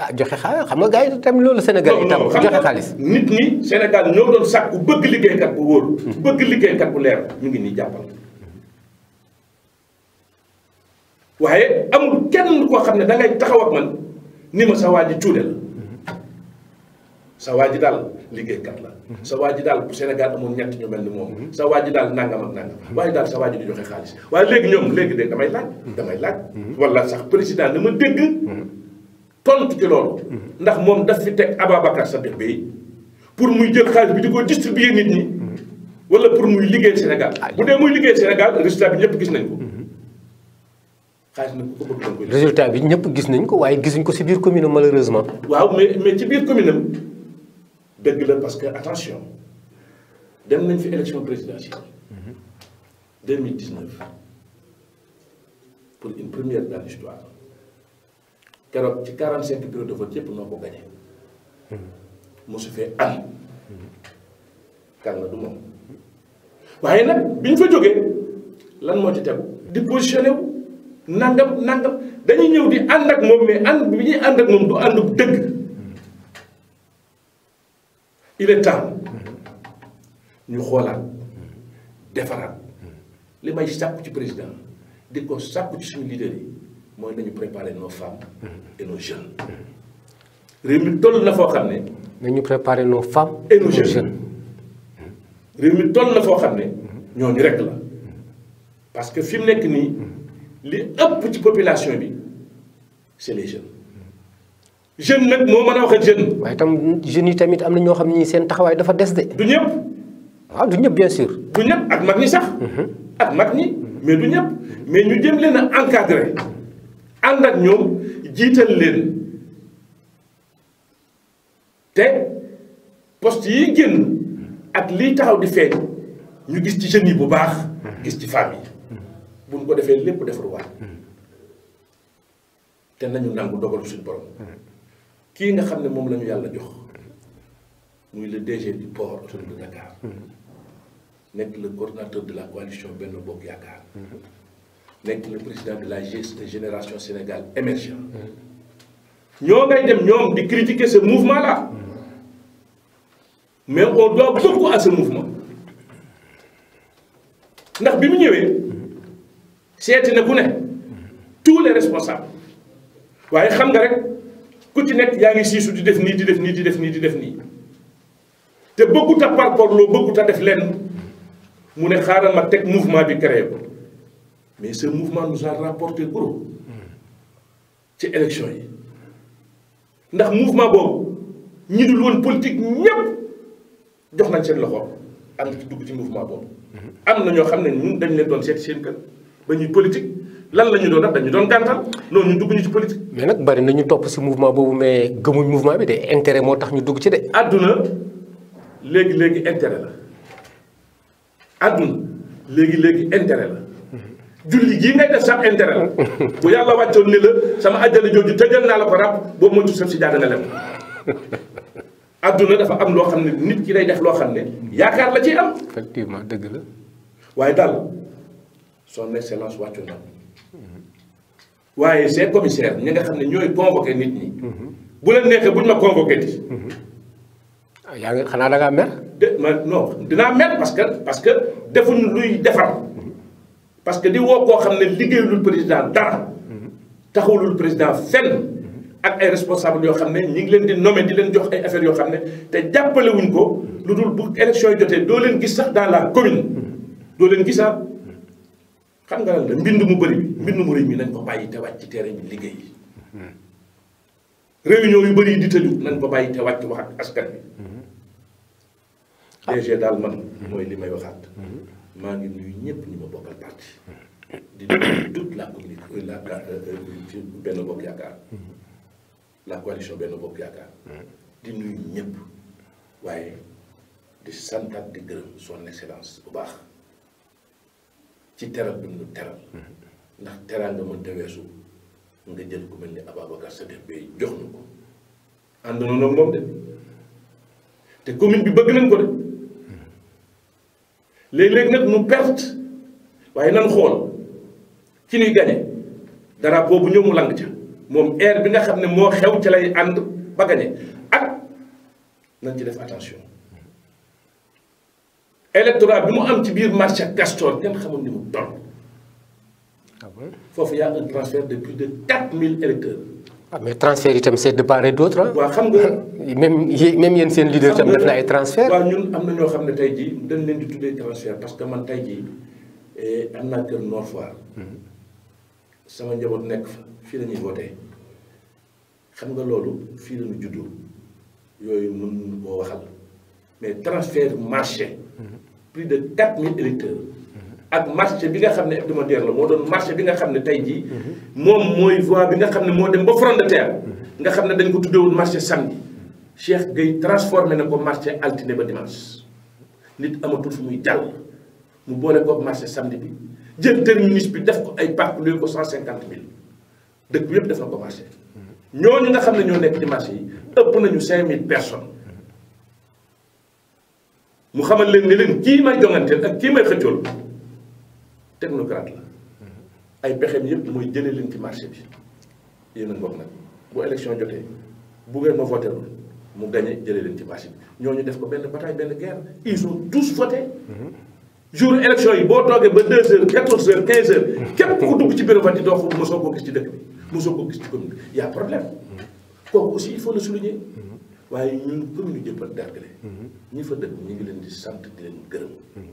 ah joxe xaalis xam nga gars yi tamit loolu Sénégal itam joxe xaalis nit ñi Sénégal ñoo doon sàkku bëgg liggéeykat bu wóor bëgg liggéeykat bu leer ñu ngi nii jàppal waaye amul kenn koo xam ne da ngay man ni ma sa waa ji la sa waa ji daal liggéeykat la sa waa daal bu Sénégal amoon ñett ñu mel ni moom sa waa ji daal nangam ak nangam waaye daal sa waa di joxe xaalis waaye léegi ñoom léegi de damay laaj damay laaj wala sax président dama tontu ci loolu. Mhm. ndax moom daf fi teg Ababacar Sadikh Bèye pour muy jël xaalis bi di ko distribuer nit ñi. Mhm. wala pour muy liggéey Sénégal ah, bu dee muy liggéey Sénégal résultat bi ñëpp gis nañ ko. Mhm. xaalis nag ku ko bëgg ko
résultat bi ñëpp gis nañ ko waaye gisuñ ko ci biir commune am malheureusement.
waaw mais mais ci biir commune am dëgg la parce que attention dem nañ fi élection présidentielle. 2019 pour une première dans l'histoire keroog ci 45 bureau de vote yëpp noo ko gañe hmm. mosu fee am kan la du moom waaye nag bi ñu fa jógee lan moo ci tegu di positionné wu nangam nangam dañuy ñëw di ànd ak moom mais ànd bi ñuy ànd ak moom du ànd bu dëgg hmm. il est temps hmm. ñu xoolaat defaraat li may sàkku ci président di ko sàkku ci suñu leader yi mooy nañu préparer nos femmes et nos réew mi toll na foo xam ne nañu préparer nos femmes et nos jeunes réew ñooñu rek la parce que fi mu nekk nii li ëpp ci population bi c'est les jeunes jeune nag moo
mën a wax ak jeune waaye tam jeunes yi tamit am na ñoo xam ni seen taxawaay dafa des de du ñëpp waaw
ah, du ñëpp bien sûr du ñëpp ak mag ñi sax mhm. ak mag ñi mais du ñëpp mais ñu jëm leen a encadrer ànd ak ñoom jiital leen te poste yi génn ak liy taxaw di feeñ ñu gis ci jeunes yi bu baax gis ci femmes yi buñ ko defee lépp defaruwaat te nañu nangu dogalu suñu borom kii nga xam ne moom lañu yàlla jox muy le DG du port de Dakar nekk le coordinateur de la coalition benn Bokk Yaakaar nekk le président de la génération Sénégal émergent ñoo ngay dem ñoom di critiquer ce mouvement là mais on doit beaucoup à ce mouvement ndax bi mu ñëwee seeti na ku ne tous les responsables waaye xam nga rek ku ci nekk yaa ngi siisu di def nii di def nii di def nii di def nii te bëggut a parparloo bëggut a def leen mu ne xaaral ma teg mouvement bi créé mais ce mouvement nous a rapporté gros ci élection yi ndax mouvement boobu ñi du woon politique ñépp jox nañ seen loxo am na ci dugg ci mouvement boobu mhm. am na ñoo xam ne ñun dañ leen doon seet seen kër ba ñuy politique lan la ñu doon def dañu doon gàntal loolu ñu dugg ñu ci politique
mais nag bari na ñu topp si mouvement boobu mais gëmuñ mouvement bi de intérêt moo tax ñu dugg ci de
àdduna léegi-léegi intérêt la àdduna léegi-léegi intérêt la julli gii ngay def sax intérêt la bu yàlla wàccoon ni la sama àjjana jooju tëjal naa la ko rab boobu moytu sa si jaada nga lem adduna dafa am loo xam ne nit ki day def loo xam ne yaakaar la ci am effectivement dëgg la waaye daal son excellence wàccu na waaye ces commissaires ñi nga xam ne ñooy convoqué nit ñi mhm. bu leen neexee buñ ma convoqué mhm. ah, yaa ngi xanaa da ngaa dinaa mer parce que parce que defuñ luy defar parce que di woo koo xam ne liggéeyulul président dara mhm. taxawulul président fenn mhm. ak ay responsable yoo xam ne ñi ngi leen di nommer di leen jox ay affaire yoo xam ne te jàppale ko mhm. lu dul bu élection yi jotee doo leen gis sax dans la commune doo leen gisaa xam nga lan la mbind mu bëri bi mbind mu rëy mi nañ ko bàyyi te wàcc ci terrain liggéey yi réunion yu bëri yi di tëju nañ ko bàyyi te wàcc wax ak askan bi DG daal man mooy li may waxaat maa ngi nuyu ñëpp ñi ma bokkal parti di nuyu toute la communauté euh, la euh, euh, benn bokk yaakaar la coalition benn bokk yaakaar mm-hmm. di nuyu ñëpp waaye di santaat di gërëm son excellence bu baax ci teral bi ñu teral mm-hmm. ndax teral nga mën te weesu nga jël ku mel ni Ababacar Sadikh Bèye jox na ko ànd na moom de te commune bi bëgg nañ ko de léegi léeg nag nu perte waaye nan xool ci ñuy gañe dara bu ñëw mu lang ca moom air bi nga xam ne moo xew ca lay ànd ba gañe ak nan ci def attention électorat bi mu am ci biir marché Castor kenn xamul ni mu toll ah foofu y a un transfert de plus mille 4000 électeurs
Ah, mais transfert itam c' est de part et xam nga même même yéen seen leader tam def na ay transfert
waaw ñun am na ñoo xam ne tey jii dañ leen di tuddee transfert parce que man tey jii eh, am naa kër Nord Foire hmm. sama njaboot nekk fa fii la ñuy voté xam nga loolu fii la ñu juddoo yooyu mën koo waxal mais transfert marché hmm. plus de 4000 électeurs ak marché bi nga xam ne hebdomadaire la moo doon marché bi nga xam ne tey jii. moom mooy voie bi nga xam ne moo dem ba front de terre. nga xam ne dañ ko tuddewul marché samedi. Cheikh Gueye transformé na ko marché altine ba dimanche nit amatul fu muy jàll mu boole ko marché samdi bi jël terminus bi def ko ay parc luy ko cent cinquante mille dëkk bi yëpp def ko marché. ñooñu nga xam ne ñoo nekk ci marché yi ëpp nañu cinq mille personne mu xamal leen ni leen kii may jonganteel ak kii may xëccool. technocrate la ay pexeem yëpp mooy jëlee leen ci marché bi yéen a nag bu élection jotee bu ngeen ma voté loolu mu gagné jële leen ci marché bi ñooñu def ko benn bataille benn guerre ils ont tous voté. jour élection yi boo toogee ba 2 heures 14 heures 15 heures. képp ku dugg ci bureau vote doo ko mosoo koo gis ci dëkk bi mosoo koo gis ci commune bi y' a problème. kooku aussi il faut le souligner. waaye ñun commune Dieuppeul Derklé. ñi fa dëkk ñu ngi leen di sant di leen gërëm.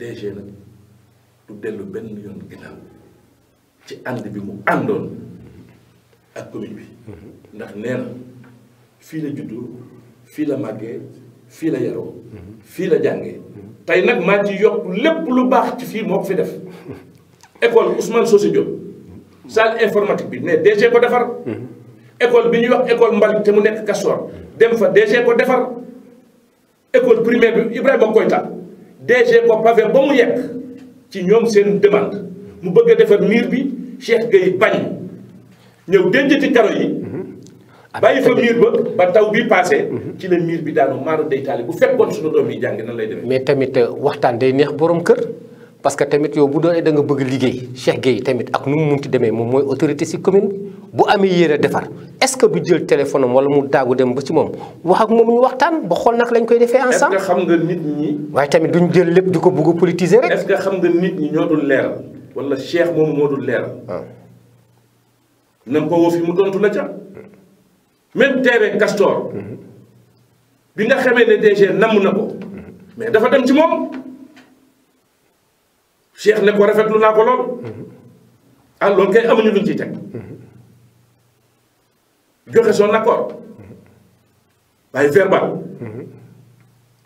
DG nag du dellu benn yoon ginnaaw ci ànd bi mu àndoon ak commune bi mhm. ndax nee fii la juddoo fii la màggee fii la yaroo mhm. fii la jàngee mhm. tey nag maa ci yokk lépp lu baax ci fii moo ko fi def *laughs* école Ousmane Socé Diop salle informatique bi ne DG ko defar école bi ñuy wax école Mbalik te mu nekk Kastoor dem fa DG ko defar école primaire bi Ibrahima Koyta DG ko pavé ba mu yekk ci ñoom seen demande mu bëgg a defar miir bi Cheikh Gueye bañ ñëw denc ci karo yi bàyyi fa miir ba ba taw bi passé mhm. ci la miir bi daanu maaro day taali bu fekkoon suñu doom yi jàng na lay demee.
mais tamit euh, waxtaan day neex
borom kër parce que tamit yow bu doonee
da nga bëgg liggéey Cheikh yi tamit ak nu mu munti demee moom mooy autorité si commune bu amee yéene defar est-ce que bu jël téléphone am wala mu daagu dem ba ci moom wax ak moom ñu waxtaan ba xool nag lañ koy defee
ensemble. est que xam nga nit ñi.
waaye tamit duñ jël lépp di ko bëgg
a politiser rek. est-ce que xam nga ñi ñoo dul leeral wala cheikh moom moo dul leeral. Ah. na nga fi mu tontu la ca. même TV Castor. Mhm. bi nga xamee ne DG namm na ko. Mhm. mais dafa dem ci moom. cheikh ne ko rafetlu naa ko lool. Mhm. ah loolu kay amuñu luñ ciy teg. joxe son accord waaye verbal mm-hmm.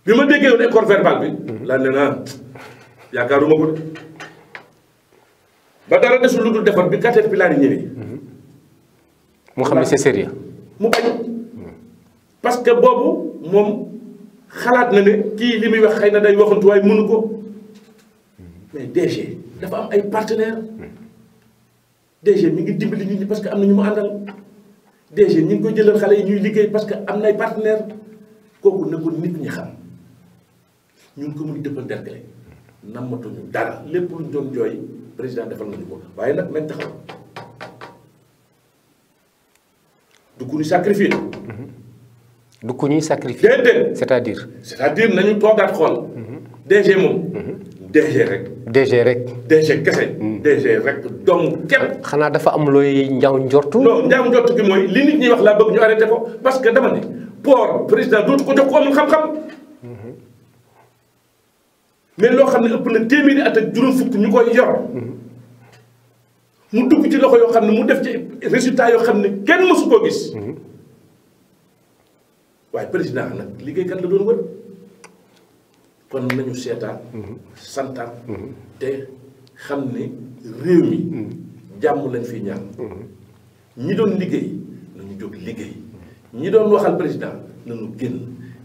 bi ma déggee woon accord verbal bi laa mm-hmm. ne naa yaakaaruma ko ba dara desul lu dul defar bi Caterpillar yi ñëwee moo
mm-hmm. xam ne c'est sérieux
mu bañ parce que boobu moom xalaat na ne kii li muy wax xëy na day waxantu waaye mënu ko mais DG dafa am ay partenaires DG mi ngi dimbali ñu ñi parce que am na ñu mu àndal DG ñu ngi koy jëlal xale yi ñuy liggéey parce que am na ay partenaires kooku na ko nit ñi xam ngi ko mu mun dëppal dergale nammatuñu dara lépp luñ doon jooy président defal nañu ko waaye nag nañ taxaw du ku ñu sacrifié.
du ku ñuy sacrifié. déedéet c'est-à-dire.
c'est-à-dire nañu toogaat xool. Mhm. DG moom. Mhm. DG rek. DG rek. DG kese. Hmm. DG rek dong képp. xanaa dafa am looy njaw njortu. non njaaw njortu gi mooy li nit ñi wax laa bëgg ñu arrêté ko parce que dama ne port président dootu ko jox ko amul xam-xam. Hmm. mais loo xam ne ëpp na téeméeri at ak juróom fukk ñu koy yor. Hmm. mu dugg ci loxo yoo xam ne mu def ci résultat yoo xam ne kenn mësu koo gis. waaye président nag liggéeykat la doon wër. kon nañu seetaan mhm. santa mhm. te xam ne réew mi mhm. jàmm lañ fi ñaan ñi doon liggéey nañu jóg liggéey ñi doon waxal président nañu génn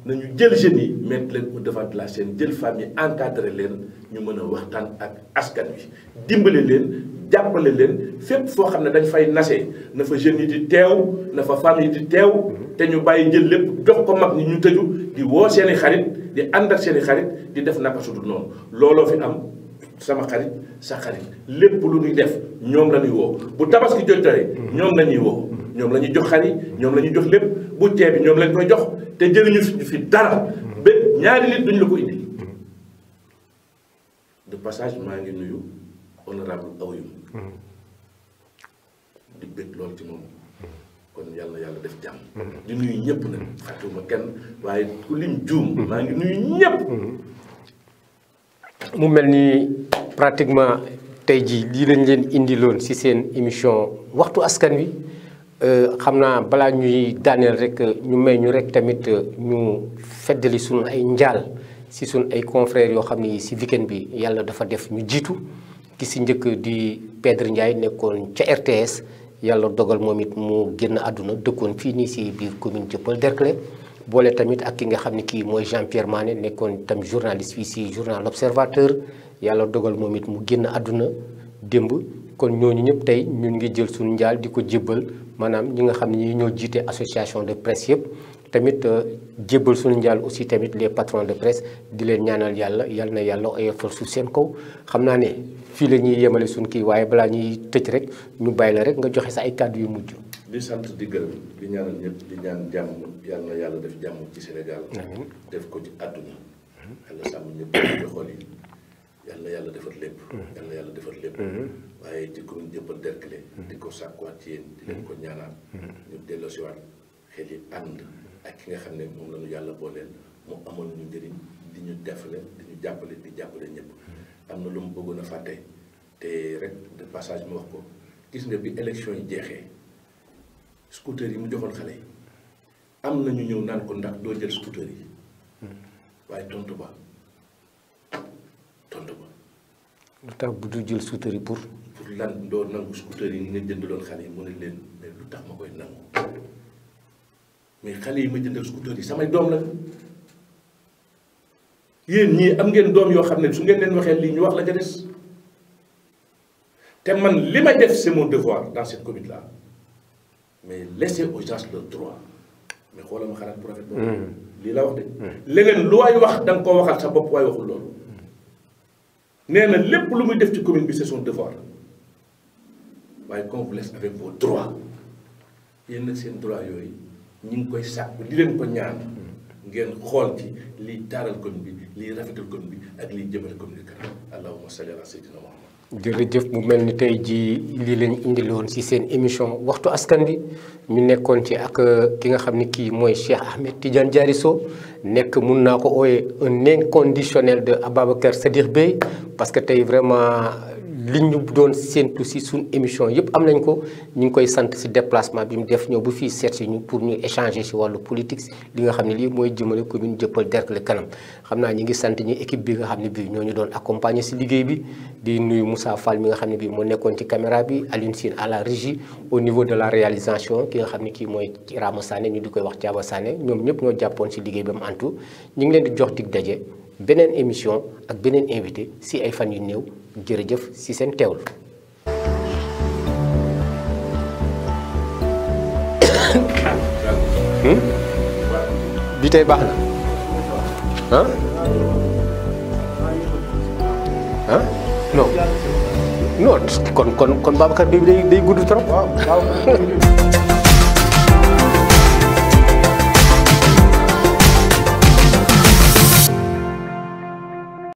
nañu jël jeunes yi mettre leen au devant de la jël femmes yi encadré leen ñu mën a waxtaan ak askan bi dimbale leen jàppale leen fépp foo xam ne dañ fay nase na fa jeunes yi di teew na fa femmes yi teew te ñu bàyyi jël lépp jox ko mag ñi ñu tëju di woo seeni xarit di ànd seeni xarit di def naka su dul noonu looloo fi am sama xarit sa xarit lépp lu ñuy def ñoom la ñuy woo bu tabaski jotare ñoom la ñuy woo ñoom la ñuy jox xar yi ñoom la ñuy jox lépp bu ceeb bi ñoom lañ koy jox te jëriñu fi dara ba ñaari nit duñ la ko indi de passage maa ngi nuyu honorable Ayoum mm. di bëgg loolu ci moom Mm-hmm. di nuyu ñëpp nag mm-hmm. waaye ku lim juum. Mm-hmm. maa ngi nuyu ñëpp. mu mel ni pratiquement
tey jii lii lañ leen indiloon ci seen émission waxtu askan wi euh, xam naa balaa ñuy daaneel rek ñu may ñu rek tamit euh, ñu feddali suñu ay njaal si suñu ay confrères yoo xam ni si weekend bi yàlla dafa def ñu jiitu ki ci njëkk di Pedre nekkoon ca RTS. yàlla dogal moom it mu génn àdduna dëkkoon fii nii si biir commune Dieuppeul Derklé boole tamit ak ki nga xam ne kii mooy Jean Pierre Mané nekkoon tam journaliste fii si journal Observateur yàlla dogal moom it mu génn àdduna démb kon ñooñu ñëpp tey ñun ngi jël suñu njaal di ko jébbal maanaam ñi nga xam ne ñi ñoo jiite association de presse yëpp tamit euh, jébbal suñu njaal aussi tamit les patrons de presse di leen ñaanal yàlla yal na yàlla oyofal suuf seen kaw xam naa ne fii la ñuy yemale suñu kii waaye balaa ñuy tëj rek ñu bàyyi la rek nga joxe sa ay kàddu yu mujj.
di sant di gërëm di ñaanal ñëpp di ñaan jàmm yal yàlla def jàmm ci Sénégal. def ko ci àdduna. yàlla sàmm ñëpp ci xol yi waaye di commune Dieuppeul Derklé di ko sàkkuwaat ci yéen di leen ko ñaanaan mm-hmm. ñu delloosiwaat xel yi ànd ak ki nga xam ne moom la ñu yàlla booleel mu amoon ñu njëriñ di ñu defale di ñu jàppale di jàppale ñëpp mm-hmm. am na lu mu bëggoon a fàtte te rek de passage mu wax ko gis nga bi élection yi jeexee scooter yi mu joxoon xale yi am na ñu ñëw naan ko ndax doo jël scooter yi
mm-hmm.
waaye tontu ba tontu ba.
lu tax bu jël scooter yi pour.
lan doo nangu scooter yi nga jëndaloon xale yi mu ne leen mais lu tax ma koy nangu mais xale yi ma jëndal scooter yi samay doom la yéen ñii am ngeen doom yoo xam ne su ngeen leen waxee lii ñu wax la ca des te man li ma def c'est mon devoir dans cette commune là mais laissez aux gens le droit mais xoolal ma xalaat bu rafet boobu hmm. lii la wax de hmm. leneen lu waay wax da koo waxal sa bopp waay waxul loolu hmm. nee na lépp lu muy def ci commune bi c'est son devoir waaye qu'on vous laisse avec vos droits yéen seen droit yooyu ñu ngi koy sàkku di leen ko ñaan ngeen xool ci liy taaral commune bi liy rafetal commune bi ak liy jëmale commune bi kanam allahumma salli
mu mel ni tey jii lii leen indiloon ci seen émission waxtu askan bi ñu nekkoon ci ak euh, ki nga xam ni kii mooy Cheikh Ahmed Tidiane Diary Sow nekk mun naa ko ooyee un inconditionnel de Ababacar Sadikh Bèye parce que tey vraiment li ñu doon séentu si suñ émission yëpp am nañ ko ñu ngi koy sant si déplacement bi mu def ñëw bu fii seet si ñu pour ñu échanger si wàllu politique li nga xam ne lii mooy jëmale commune Dieuppeul Derklé kanam xam naa ñu ngi sant ñi équipe bi nga xam ne bii ñoo ñu doon accompagner si liggéey bi di nuyu Moussa Fall mi nga xam ne bii moo nekkoon ci caméra bi Alioune Sine à la régi au niveau de la réalisation ki nga xam ne kii mooy Rama Sané ñu di koy wax Thiaba Sané ñoom ñëpp ñoo jàppoon si liggéey bi am antu ñu ngi leen di jox dig daje beneen émission ak beneen invité si ay fan yu néew jërëjëf ci seen teewlu. Hmm? bi tey baax na ah ah non kon kon kon Babacar bi day gudd trop.